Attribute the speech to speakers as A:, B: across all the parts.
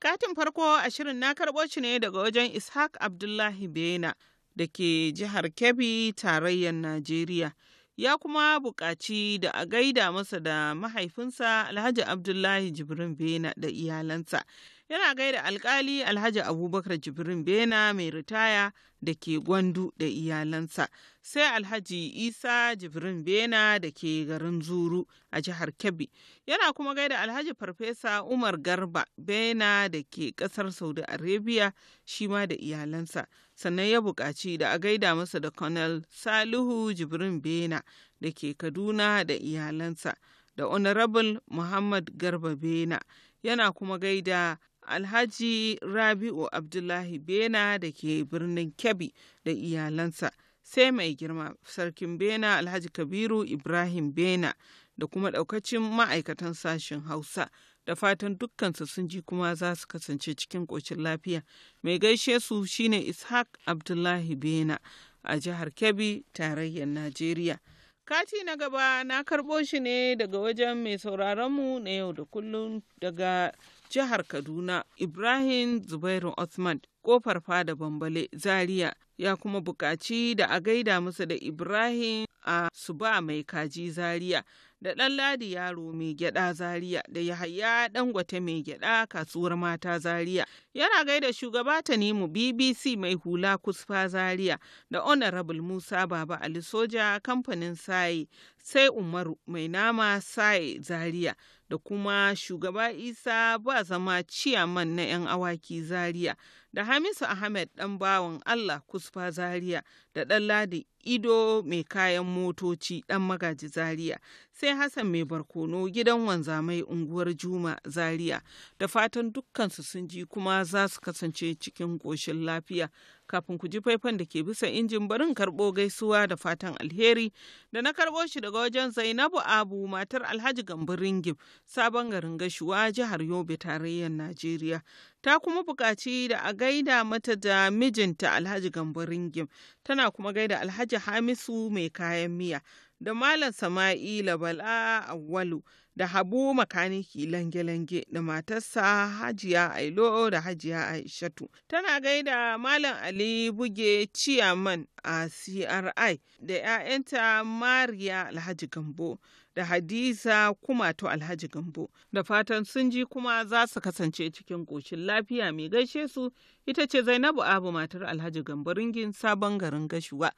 A: Katin farko a shirin na karɓo shi ne daga wajen Ishaq Abdullahi Bena da ke jihar Kebbi tarayyar Najeriya. Ya kuma buƙaci da a gaida masa da mahaifinsa Alhaji Abdullahi Jibrin Bena da iyalansa yana gaida alkali alhaji abubakar jibrin bena mai ritaya da ke gwandu da iyalansa sai alhaji isa jibrin bena da ke garin zuru a jihar kebbi yana kuma gaida alhaji farfesa umar garba bena da ke kasar saudi arabia shi ma da iyalansa sannan ya buƙaci da a gaida masa da colonel salihu jibrin bena da ke kaduna da iyalansa da honorable muhammad garba bena yana kuma gaida Alhaji Rabi'u Abdullahi Bena da ke birnin Kebbi da iyalansa, sai mai girma Sarkin Bena Alhaji Kabiru Ibrahim Bena da kuma daukacin ma'aikatan sashen Hausa. Da fatan dukkansa sun ji kuma za su kasance cikin ƙocin lafiya. Mai gaishe su shine Ishaq Abdullahi Bena a jihar Kebbi, tarayyar Najeriya. Kati na gaba na karbo shi ne daga wajen mai sauraronmu na yau da kullum daga jihar Kaduna Ibrahim Zubairu Osman kofar fada bambale Zaria ya kuma bukaci da a gaida musu da Ibrahim a Suba mai kaji Zaria da ɗan ladi yaro mai gyada Zaria da Yahaya gwate mai gyada kasuwar mata Zaria yana gaida shugaba Tanimu BBC mai hula kusfa Zaria da Honorable Musa Baba Ali Soja kamfanin Saye sai Umaru mai nama Saye Zaria da kuma shugaba isa ba zama ciyaman na 'yan awaki zaria da hamisu ahmed dan bawan allah kusfa zaria da dan ladi ido mai kayan motoci dan magaji zaria sai hassan mai barkono gidan wanzamai unguwar juma zaria da fatan dukkansu sun ji kuma za su kasance cikin ƙoshin lafiya kafin ku ji faifan da ke bisa injin barin karɓo gaisuwa da fatan alheri da na karɓo shi daga wajen zainabu abu matar alhaji gambarin Ringim, sabon garin gashuwa jihar yobe tarayyar najeriya ta kuma buƙaci da a gaida mata da mijinta alhaji gambarin Ringim, tana kuma gaida alhaji hamisu mai kayan miya da malam sama'ila bala awwalu da habu makaniki lange-lange da matarsa hajiya ailo da hajiya aishatu tana gaida malam ali buge ciyaman a cri da 'ya'yanta mariya alhaji gambo da hadiza kumato alhaji gambo da fatan sun ji kuma za su kasance cikin ƙoshin lafiya mai gaishe su ita ce zainabu abu matar alhaji gambo ringin sabon garin gashuwa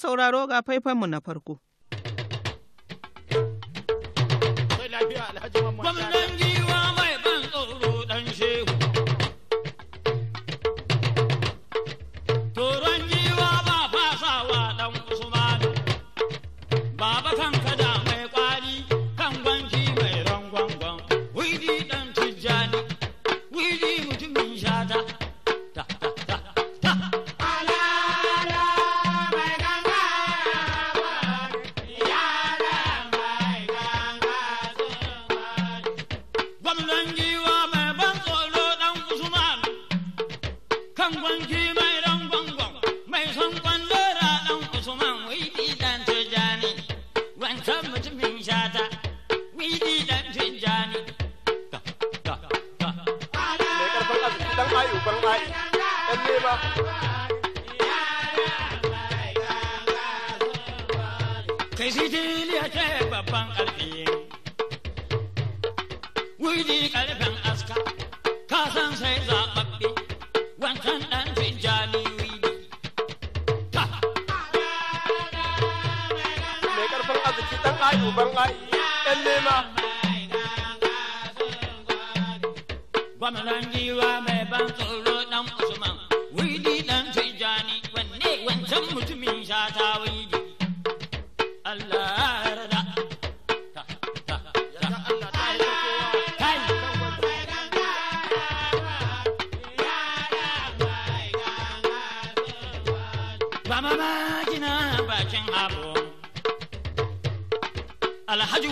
A: sauraro ga faifanmu na farko
B: Vamos 上官曲牌。To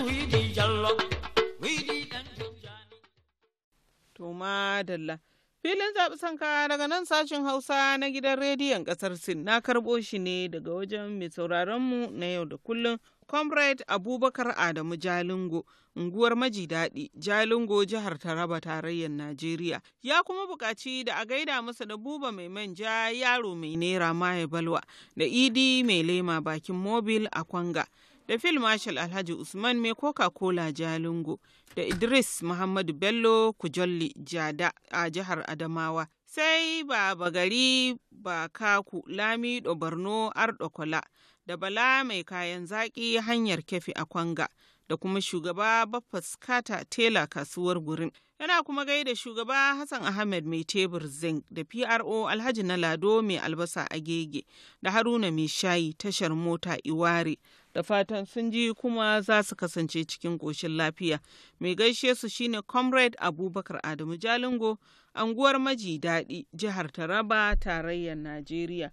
A: madalla. Filin zaɓi sanka daga nan sashen Hausa na gidan rediyon ƙasar Sin na karɓo shi ne daga wajen mai sauraronmu na yau da kullum Comrade Abubakar Adamu Jalingo, unguwar maji daɗi, Jalingo jihar Taraba tarayyar Najeriya. Ya kuma buƙaci da a gaida masa da buba mai manja yaro mai naira maye balwa da idi mai lema bakin mobil a kwanga. da Phil Marshal Alhaji Usman mai Coca-Cola Jalingo da Idris Muhammadu Bello Kujolli Jada a jihar Adamawa. Sai Baba Gari Bakaku Lamido Barno Ardokola da Bala mai kayan zaƙi hanyar kefi a Kwanga da kuma shugaba fuskata Tela kasuwar Gurin. Yana kuma gaida shugaba Hassan Ahmed mai tebur zinc da PRO Alhaji na Lado mai albasa agege da Haruna mai shayi tashar mota Iware da fatan sun ji kuma za su kasance cikin ƙoshin lafiya. Mai gaishe su shine Comrade Abubakar Adamu Jalingo, anguwar Maji Daɗi, jihar Taraba, tarayyar Najeriya.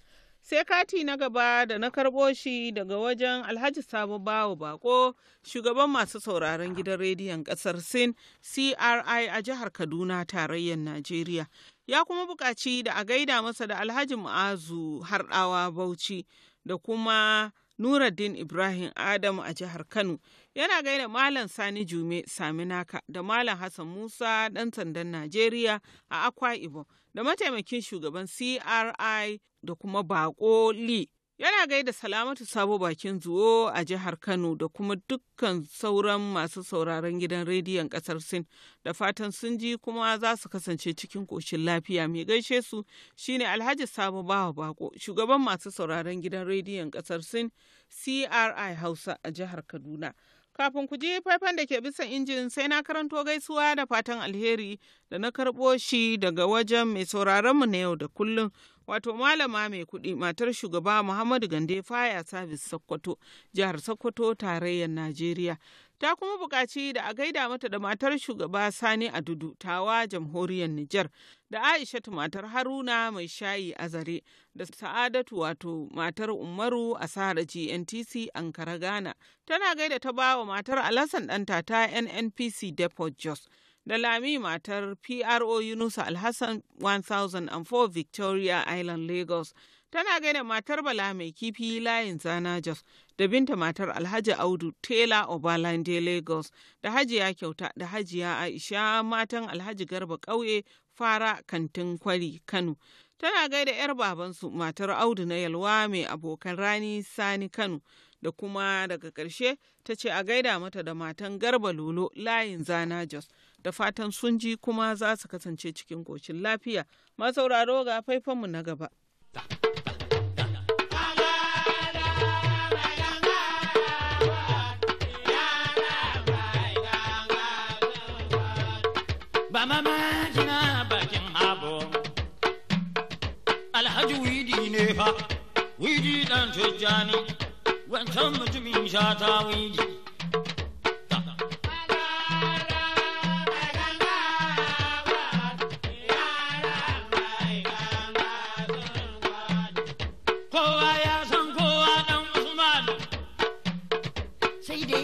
A: sai kati na gaba da na karɓo shi daga wajen alhaji sabo bawo bako shugaban masu sauraron gidan rediyon ƙasar sin cri a jihar kaduna tarayyar najeriya ya kuma buƙaci da a gaida masa da alhaji mu'azu harɗawa bauchi da kuma Nuruddin Ibrahim Adam a jihar Kano yana gaida Malam Sani Jume Saminaka da Malam Hassan Musa ɗan sandan Najeriya a Akwa Ibom da mataimakin shugaban CRI da kuma Bako Li. Yana gaida Salamatu Sabo Bakin Zuwo a jihar Kano da kuma dukkan sauran masu sauraron gidan rediyon kasar Sin da fatan sun ji kuma za su kasance cikin koshin lafiya mai gaishe su shine Alhaji Sabo Bawa Bako shugaban masu sauraron gidan rediyon kasar Sin CRI Hausa a jihar Kaduna. kafin ku ji faifan da ke bisa injin sai na karanto gaisuwa da fatan alheri da na karɓo shi daga wajen mai mu na yau da kullum wato malama mai kuɗi matar shugaba muhammadu gande faya Sabis sokoto jihar sokoto tarayyar najeriya ta kuma buƙaci da a gaida mata da matar shugaba sani adudu tawa jamhuriyar nijar da aishatu matar haruna mai shayi a zare da sa'adatu wato matar umaru a sahara gntc ankara ghana tana gaida ta bawa matar alasan ɗanta ta nnpc depot jos da Lami matar PRO Yunusa Alhassan 1004 Victoria Island Lagos. Tana gaida matar Bala mai kifi layin Zana Jos da binta matar Alhaji Audu Tela Obalande Lagos da Hajiya Kyauta da Hajiya Aisha matan Alhaji Garba ƙauye fara kantin kwari Kano. Tana gaida 'yar babansu matar Audu na Yalwa mai abokan rani Sani Kano. da kuma daga ƙarshe ta ce a gaida mata da matan garba lolo layin zana jos da fatan sun ji kuma za su kasance cikin goshin lafiya. Masauraro ga faifanmu na gaba.
B: alhaji widi ne fa widi dan tujjani wancan mutumin shata widi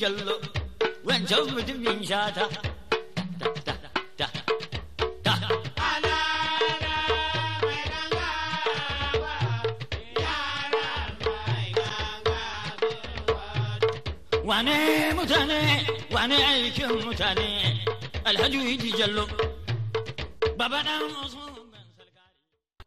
B: jallo mutum mutumin shata wane mutane wane aikin mutane alhaji yi jallo baba dan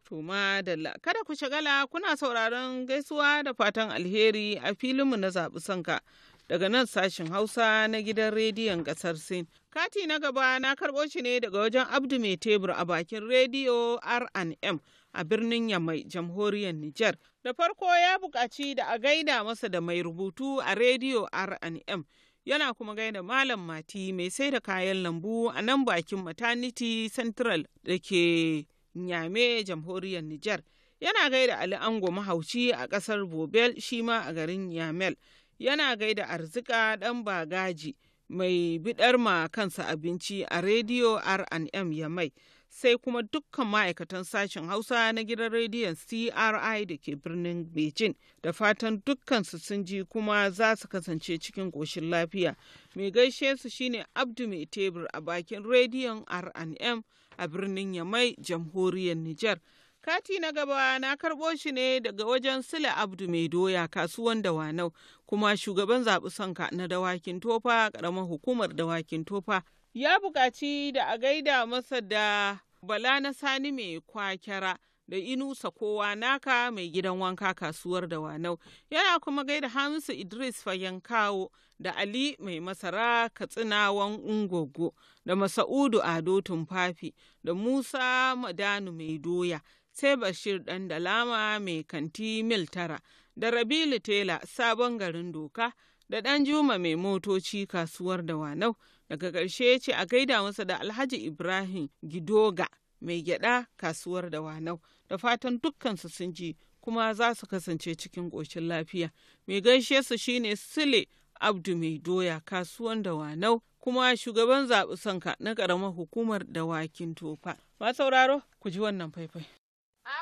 A: Tuma Dalla. Kada ku shagala kuna sauraron gaisuwa da fatan alheri a filinmu na zaɓi sanka daga nan sashen Hausa na gidan rediyon ƙasar Sin. Kati na gaba na karɓo shi ne daga wajen Abdu Mai Tebur a bakin rediyo R&M a birnin Yamai, jamhuriyar Nijar. Da farko ya buƙaci da a gaida masa da mai rubutu a rediyo R&M. Yana kuma gaida Malam Mati mai sai da kayan lambu a nan bakin Maternity Central da ke Nyame, jamhuriyar Nijar. Yana gaida Ali Ango mahauci a ƙasar Bobel shi ma a garin Yamel. yana gaida arzika ɗan bagaji mai bidar ma kansa abinci a rediyo rnm ya mai sai kuma dukkan ma'aikatan sashen hausa na gidan rediyon cri da ke birnin beijing da fatan dukkan su sun ji kuma za su kasance cikin ƙoshin lafiya mai gaishe su shine abdu mai tebur a bakin rediyon rnm a birnin yamai jamhuriyar nijar Kati na gaba na karɓo shi ne daga wajen Sule Abdu mai doya kasuwan Dawanau kuma shugaban zaɓi sonka na dawakin tofa ƙaramar hukumar dawakin tofa ya buƙaci da a gaida masa da Bala na Sani mai kwakera da Inusa kowa naka mai gidan wanka kasuwar Dawanau yana kuma gaida Hamisu Idris Fagen kawo da Ali mai masara Katsinawan Ungogo da Masa'udu Ado Tumfafi da Musa Madanu mai doya sai Bashir ɗan dalama mai kanti mil tara da Rabilu Tela sabon garin doka da ɗan Juma mai motoci kasuwar da Wanau daga ƙarshe ce a gaida masa da Alhaji Ibrahim Gidoga mai gyada kasuwar da Wanau da fatan dukkansu sun ji kuma za su kasance cikin ƙoshin lafiya. Mai gaishe su shine Sule Abdu mai doya kasuwan da Wanau kuma shugaban zaɓi sanka na ƙaramar hukumar dawakin tofa. Ma sauraro ku ji wannan faifai. А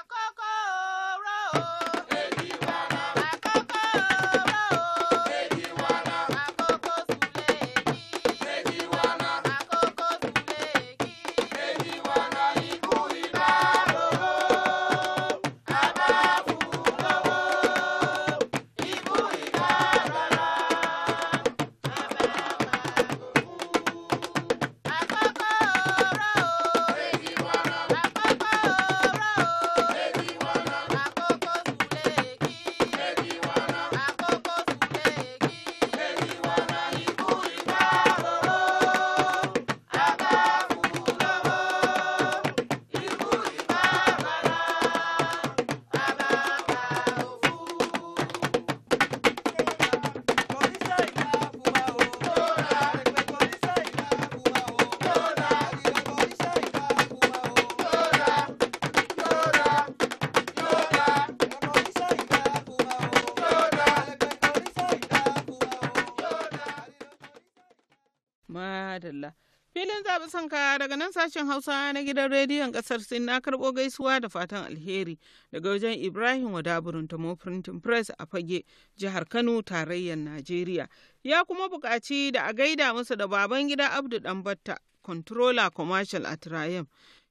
A: madalla filin zaɓi sanka daga nan sashen hausa na gidan rediyon ƙasar sin na karɓo gaisuwa da fatan alheri daga wajen ibrahim wadaburin tamo printing press a fage jihar kano tarayyar najeriya ya kuma buƙaci da a gaida masa da baban gida abdu ɗanbatta controller commercial a rayam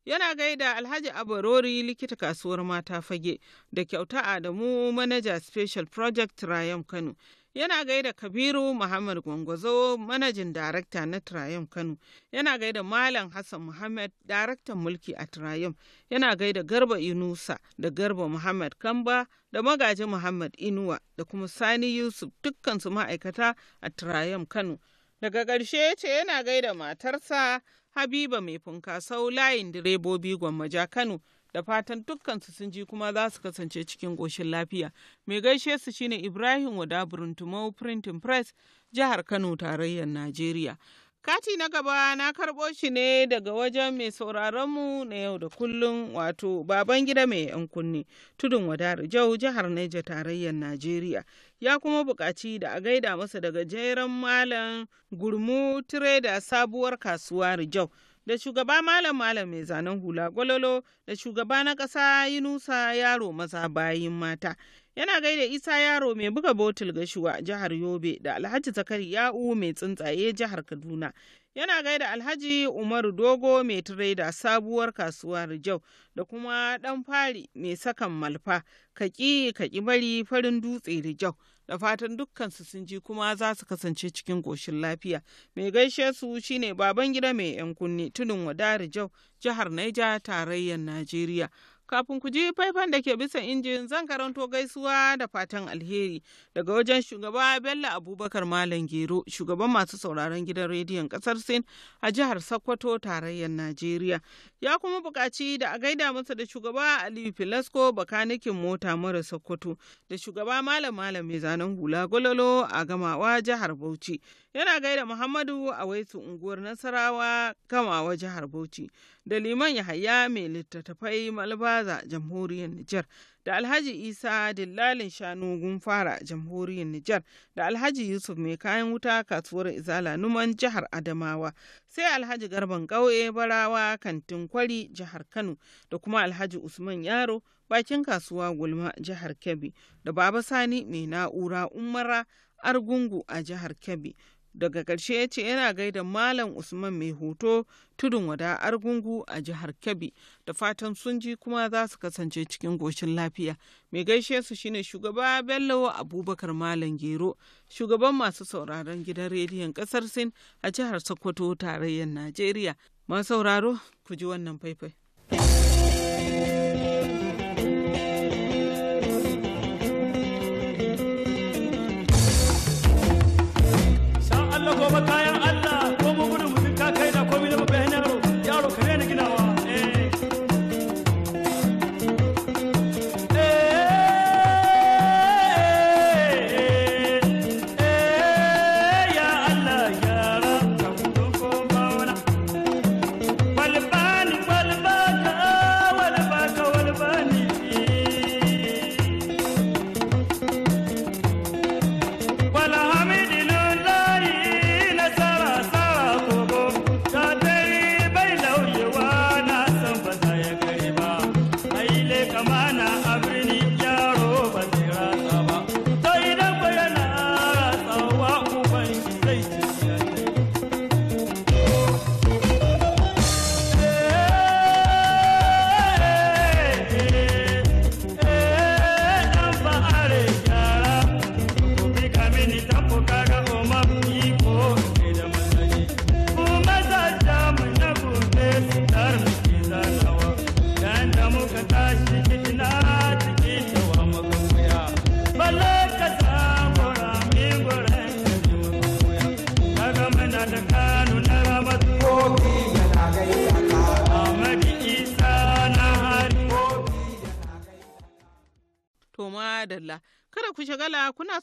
A: yana gaida alhaji abarori likita kasuwar mata fage da kyauta adamu manager special project rayam kano yana gaida kabiru muhammad gwangwazo manajin darakta na triumph kano yana gaida malam hassan muhammad daraktan mulki a triumph yana gaida garba inusa da garba muhammad kamba da magaji muhammad inuwa da kuma sani yusuf dukkansu ma'aikata a triumph kano daga ƙarshe ya ce yana gaida matarsa habiba mai funkasau layin direbobi gwammaja kano da fatan dukkansu sun ji kuma za su kasance cikin ƙoshin lafiya. Mai gaishe su shine Ibrahim Wada Buruntumau Printing Press, jihar Kano, tarayyar Najeriya. Kati na gaba na karɓo shi ne daga wajen mai sauraron mu na yau da kullun wato baban gida mai yan Kunne" tudun wadar jau jihar Neja tarayyar Najeriya ya kuma buƙaci da a gaida masa daga jeren malam gurmu tire da sabuwar kasuwa Rijau. da shugaba malam malam mai zanen hula gwalolo da shugaba na ƙasa yunusa yaro maza bayin mata yana gaida isa yaro mai buga botul gashuwa jihar yobe da alhaji zakari ya'u mai tsuntsaye jihar kaduna yana gaida alhaji umaru dogo mai tireda sabuwar kasuwar rijau da kuma dan fari mai sakan malfa kaki kaki bari farin dutse rijau da fatan dukkansu sun ji kuma za su kasance cikin ƙoshin lafiya mai gaishe su shine baban gida mai yan kunni tudun wadari jau jihar naija tarayyar najeriya Kafin ku ji faifan da ke bisa injin zan karanto gaisuwa da fatan alheri daga wajen shugaba Bello Abubakar Malam Gero, shugaban masu sauraron gidan rediyon kasar Sin a jihar Sokoto tarayyar Najeriya. Ya kuma buƙaci da a gaida masa da shugaba Aliyu Filasko bakanikin mota mara Sokoto da shugaba Malam Malam mai zanen hula gololo a gamawa jihar Bauchi yana gaida Muhammadu a waisu unguwar Nasarawa kamawa jihar Bauchi da Liman Yahaya mai littattafai Malbaza jamhuriyar Nijar da Alhaji Isa dillalin shanu gunfara jamhuriyar Nijar da Alhaji Yusuf mai kayan wuta kasuwar Izala Numan jihar Adamawa sai Alhaji Garban Gauye Barawa kantin kwari jihar Kano da kuma Alhaji Usman Yaro bakin kasuwa Gulma jihar Kebbi da Baba Sani mai na'ura Umara Argungu a jihar Kebbi daga ƙarshe ya ce yana gaida malam usman mai hoto tudun wada argungu a jihar kebbi da fatan sun ji kuma za su kasance cikin goshin lafiya mai gaishe su shine shugaba bello abubakar malam gero shugaban masu sauraron gidan rediyon ƙasar sin a jihar sokoto tarayyar najeriya masu sauraro ku ji wannan faifai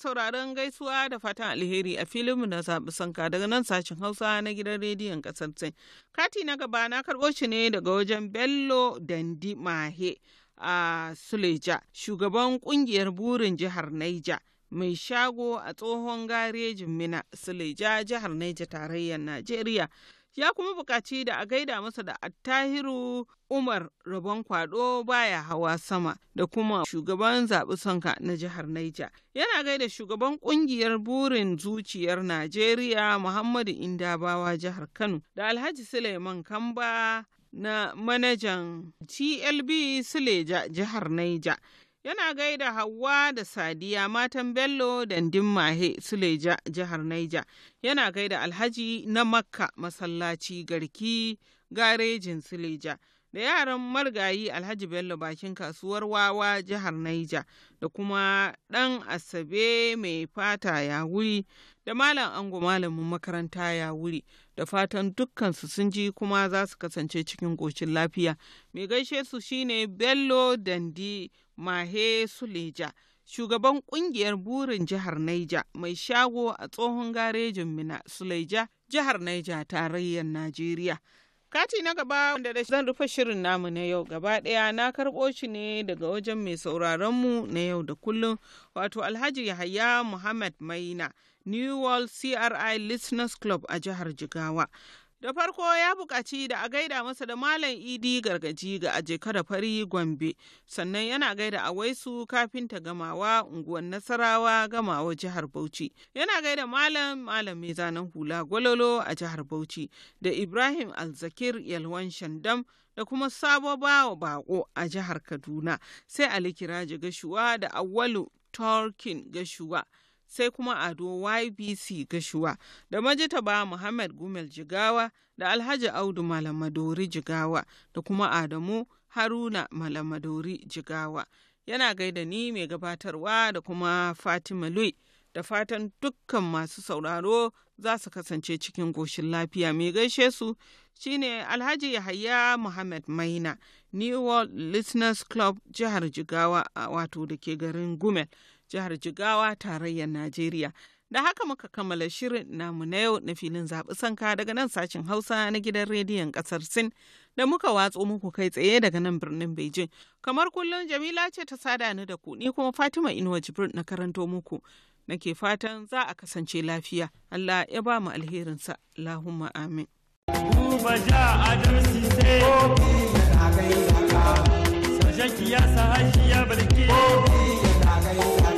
A: sauraron gaisuwa da fatan alheri a filinmu na zaɓi sanka daga nan sashen Hausa na gidan rediyon ƙasar Sin. Kati na gaba na karɓo shi ne daga wajen Bello Dandi Mahe a Suleja, shugaban ƙungiyar burin jihar Naija. Mai shago a tsohon garejin Mina, Suleja, jihar Naija, tarayyar Najeriya. ya kuma buƙaci da a gaida masa da attahiru umar rabon kwado baya hawa sama da kuma shugaban zaɓi sonka na jihar naija yana gaida shugaban ƙungiyar burin zuciyar najeriya muhammadu indabawa jihar kano da alhaji suleiman kamba na manajan tlb suleja jihar naija yana gaida Hauwa da Sadiya matan Bello da Mahe Suleja jihar Naija yana gaida Alhaji na Makka masallaci garki garejin Suleja da yaran marigayi, Alhaji Bello bakin kasuwar wawa jihar Naija da kuma ɗan Asabe mai fata ya wuri da malam ango malamin makaranta ya wuri da fatan dukkansu sun ji kuma za su kasance cikin ƙoshin lafiya mai gaishe su shine bello dandi mahe suleja shugaban kungiyar burin jihar naija mai shago a tsohon garejin mina suleja jihar naija tarayyar najeriya Kati na gaba wanda da zan rufe shirin namu na yau gaba ɗaya na karɓo shi ne daga wajen mai sauraronmu na yau da kullum wato Alhaji Yahaya Muhammad Maina New World CRI Listeners Club a jihar Jigawa. Da farko ya buƙaci da a gaida masa da Malam Idi Gargaji ga Ajeka da Fari Gombe, sannan yana gaida a Waisu kafinta gamawa unguwar Nasarawa gamawa jihar Bauchi. Yana gaida Malam Malam zanen hula gwalolo a jihar Bauchi da Ibrahim Alzakir Yalwan Shandam da kuma Sabo Bawa Bako a jihar Kaduna sai Ali Kiraji Gashuwa da Awwalu Torkin Gashuwa. sai kuma ado ybc gashuwa da majitaba muhammad gumel jigawa da alhaji audu malamadori jigawa da kuma adamu haruna malamadori jigawa yana gaida ni mai gabatarwa da kuma fatima lui da fatan dukkan masu sauraro za su kasance cikin goshin lafiya mai gaishe su shine alhaji yahaya muhammad maina new world listeners club jihar jigawa a wato da ke garin gumel jihar Jigawa tarayyar Najeriya. Da haka muka kammala shirin namu na yau na filin zaɓi sanka daga nan sashen Hausa na gidan rediyon ƙasar Sin da muka watso muku kai tsaye daga nan birnin Beijing. Kamar kullum Jamila ce ta sada ni da ku ni kuma Fatima Inuwa Jibril na karanto muku. Nake fatan za a kasance lafiya. Allah ya ba mu alherinsa. Allahumma
C: amin.